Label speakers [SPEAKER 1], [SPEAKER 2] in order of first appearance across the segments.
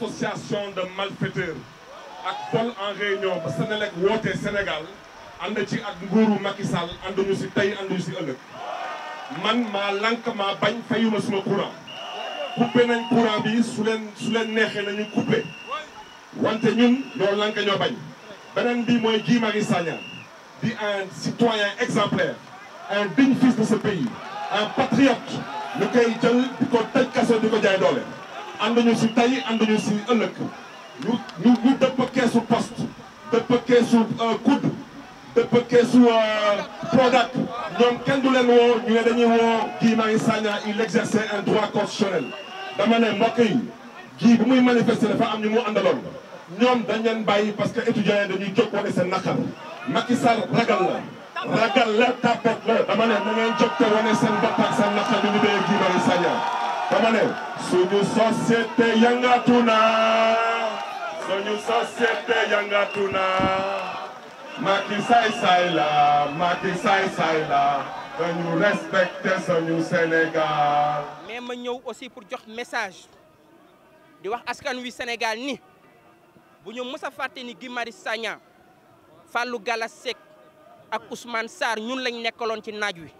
[SPEAKER 1] association de malfaiteurs ak pôle en réunion ba Sénélec wootee Sénégal ànd ci ak nguuru Macky Sall ànduñu si tey ànduñu si ëllëg man maa lank maa bañ fayuma suma courant coupé nañ courant bi su leen su leen neexee nañu coupé wante ñun ñoo lank ñoo bañ beneen bi mooy jii Marius Sagna di un citoyen exemplaire un digne fils de ce pays un patriote ñu koy jël di ko tëj kaso di ko jaay doole ànduñu si tey si ëllëg ñu ñu ñu dëpp keesu poste dëpp keesu euh, kudd dëpp keesu euh, Prodac ñoom kenn du leen woo ñu ne dañuy woo Guy Marius Sagna il exerçait un droit constitutionnel dama ne mbokk yi Guy bu muy manifester dafa am ñu mu àndaloon ñoom dañ leen bàyyi parce que étudiants yi dañuy jóg wane seen naqar Macky Sall ragal la ragal la tapet la dama ne na jóg te wane seen bopp seen naqar bi ñu dee Guy Marius dama ne suñu société yëngatu na suñu société yëngatu na Macky saay la Macky saay la dañu respecté suñu Sénégal
[SPEAKER 2] mais ma ñëw aussi pour jox message di wax askan wi senegal ni bu ñu mës a fàtte ni Guy Marius Sagna Fallou ak Ousmane Sarr ñun lañ nekkaloon ci naaj wi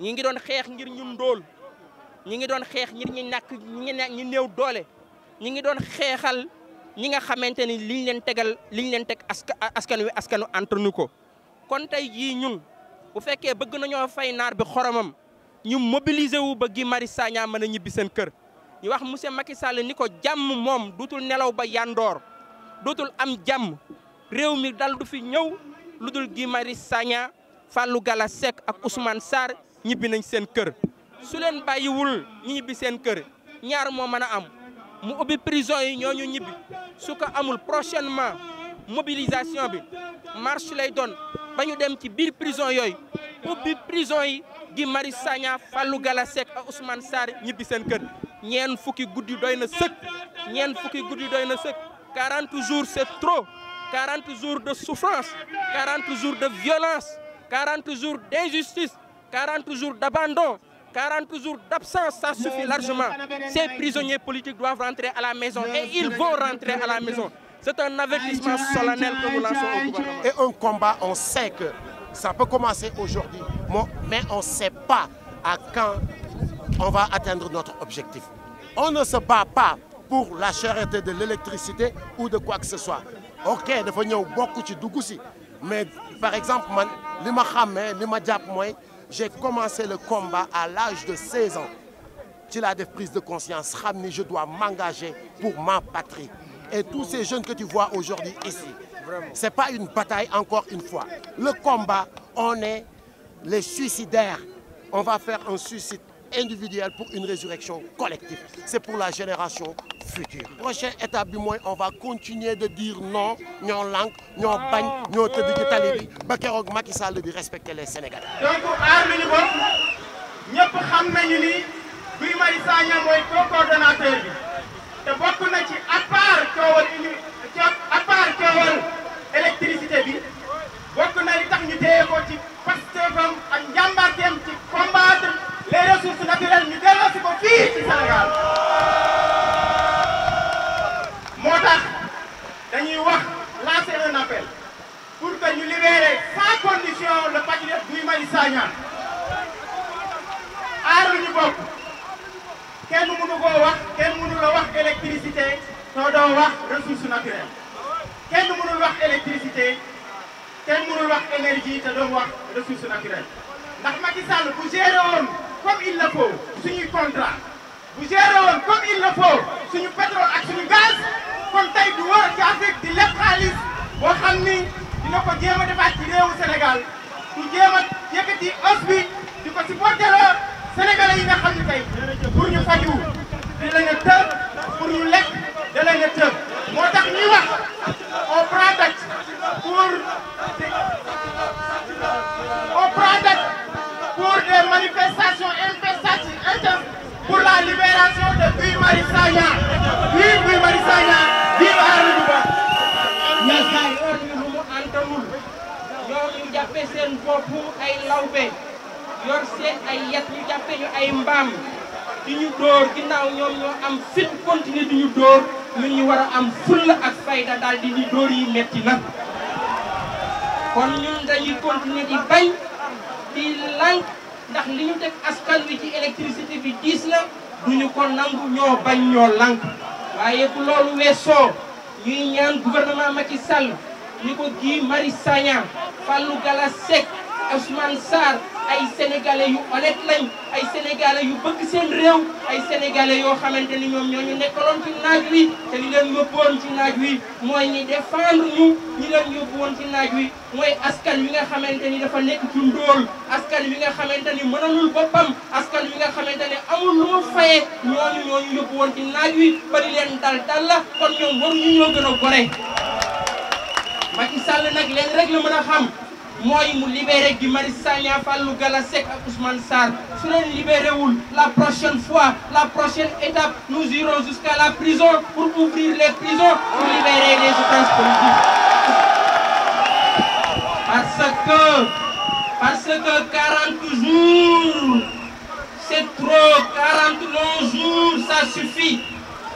[SPEAKER 2] ñu ngi doon xeex ngir ñun ndóol ñi ngi doon xeex ñi ñi nàkk ñi ngi ñi néew doole ñi ngi doon xeexal ñi nga xamante ni liñ leen tegal liñ leen teg askan wi askanu entre nu ko kon tey jii ñun bu fekkee bëgg nañoo fay naar bi xoromam ñu mobiliser wu ba Guy Marius Sagna mën a ñibbi seen kër ñu wax monsieur Macky Sall ni ko jàmm moom dootul nelaw ba yandoor dootul am jàmm réew mi dal du fi ñëw lu dul Guy Marius Sagna Fallou Galass sek ak Ousmane Sarr ñibbi nañ seen kër su leen bàyyiwul ñu ñibbi seen kër ñaar moo mën a am mu ubbi prison yi ñooñu ñibbi su ko amul prochainement mobilisation bi marche lay doon ba dem ci biir prison yooyu ubbi prison yi Guy Marius Sagna Fallou Gala Seck ak Ousmane Sarr ñibbi seen kër ñeen fukki guddi doy na sëkk ñeen fukki guddi doy na sëkk 40 jours c'est trop 40 jours de souffrance 40 jours de violence 40 jours d'injustice 40 jours d'abandon 40 jours d'absence, ça suffit largement. Ces prisonniers politiques doivent rentrer à la maison et ils vont rentrer à la maison. C'est un avertissement solennel que nous lançons au gouvernement.
[SPEAKER 1] Et un combat, on sait que ça peut commencer aujourd'hui, mais on ne sait pas à quand on va atteindre notre objectif. On ne se bat pas pour la cherté de l'électricité ou de quoi que ce soit. ok dafa ñëw bokk ci dugg si mais par exemple man li ma xàmmee li ma jàpp mooy j'ai commencé le combat à l'âge de 16 ans ci laa def prise de conscience xam ni je dois m'engager pour ma patrie et tous ces jeunes que tu vois aujourd'hui ici c'est pas une bataille encore une fois le combat on est les suicidaires on va faire un suicide individuelle pour une résurrection collective c'est pour la génération future prochaine étape bi mooy on va continuer de dire non ñoo lànk ñoo bañ ñoo tëdd ci tali bi ba keroog Macky Sall di respecter les Sénégalais donc aar nañu ko
[SPEAKER 3] ñëpp xam nañu ni Guy Marius Sagna mooy co-coordonnateur bi te bokk na ci à part coowal Guy Sagna aar lu ñu bopp wax kenn mënu la wax électricité soo doo wax ressource naturelle kenn mënul wax électricité kenn mënul wax énergie te doo wax ressource naturelle ndax Macky Sall bu géré woon comme il le faut suñuy contrat bu woon comme il le faut suñu pétrole ak suñu gaz kon tey du wër ci di leb xaalis boo xam ni dina ko jéem a defaat ci réewu Sénégal du jéem yëkkati os bi di ko supporter la sénégalais yi nga xam ne tey pour ñu faju di la tëb pour ñu lekk da la tëb moo tax ñuy wax on prend date pour on prend date pour des manifestations impensatives intenses pour la libération de Guy Marius Sagna
[SPEAKER 2] vive Guy Marius Sagna vive Amadou Ba. jàppe seen bopp ay lawbe yor seen ay yet ñu jàppe ñu ay mbaam di ñu dóor ginnaaw ñoom ñoo am fit continuer di ñu dóor ñun ñu war a am fulla ak fayda daal di ni dóor yi metti na kon ñun dañuy continuer di bañ di lànk ndax li ñu teg askan wi ci électricité bi diis na duñu ko nangu ñoo bañ ñoo lànk waaye bu loolu weesoo ñuy ñaan gouvernement Macky Sall ñu ko Guy Marius Sagna Fallou Gala Seck Ousmane Sarr ay sénégalais yu honnête lañ ay sénégalais yu bëgg seen réew ay sénégalais yoo xamante ni ñoom ñoo ñu nekkaloon ci naaj wi te li leen yóbbuwoon ci naaj wi mooy ñi défendre ñu ñi leen yóbbuwoon ci naaj wi mooy askan wi nga xamante ni dafa nekk ci ndóol askan wi nga xamante ni mënalul boppam askan wi nga xamante ni amul lu mu fayee ñooñu ñooñu yóbbuwoon ci naaj wi ba di leen dal dal la kon ñoom waruñu ñoo gën a gore ma Sall nag leen rek la mën a xam mooy mu libéré Guy Marius Sagna Fallou Gala Seck ak libéré wul la prochaine fois la prochaine étape nous irons jusqu'à la prison pour ouvrir les prisons pour libérer les otages politiques parce que jours c'est trop jours ça suffit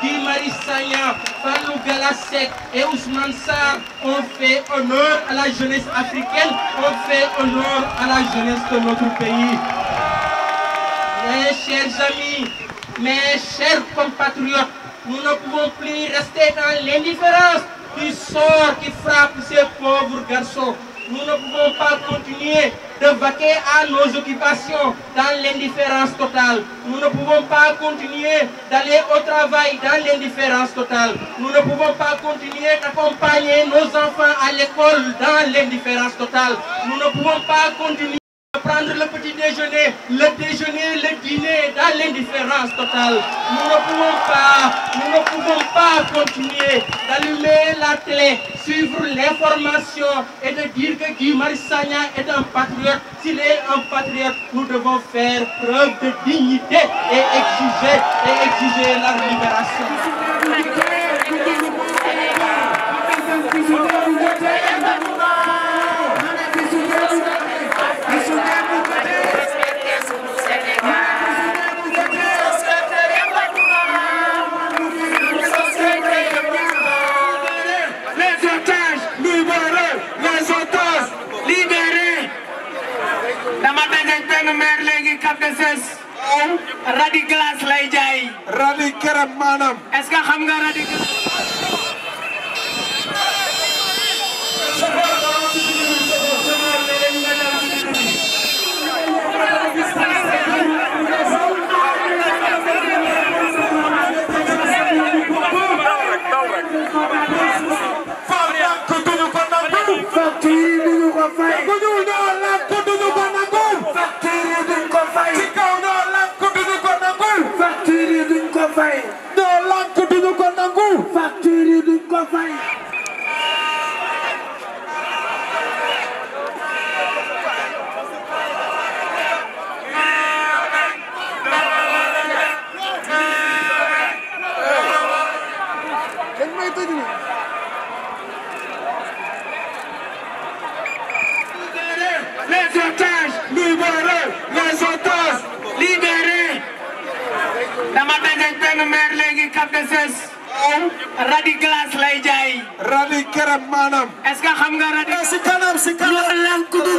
[SPEAKER 2] Guy Marius Sagna, Fallou Galassec et Ousmane Sarr ont fait honneur à la jeunesse africaine, ont fait honneur à la jeunesse de notre pays. Mes chers amis, mes chers compatriotes, nous ne pouvons plus rester dans l'indifférence du sort qui frappe ces pauvres garçons. nous ne pouvons pas continuer de vaquer à nos occupations dans l'indifférence totale. Nous ne pouvons pas continuer d'aller au travail dans l'indifférence totale. Nous ne pouvons pas continuer d'accompagner nos enfants à l'école dans l'indifférence totale. Nous ne pouvons pas continuer prendre le petit déjeuner, le déjeuner, le dîner dans l'indifférence totale. Nous ne pouvons pas, continuer d'allumer la télé, suivre l'information et de dire que Guy Marissagna est un patriote. S'il est un patriote, nous devons faire preuve de dignité et exiger, la libération.
[SPEAKER 3] sunu maire léegi cap de ses waaw radi glace lay jaay radi kerem maanaam est-ce que xam nga radi glace xam nañ benn maire léegi cap de Cesse. radi glace lay jaay. radi kerem maanaam. est-ce que xam nga radi. si kanam si kanam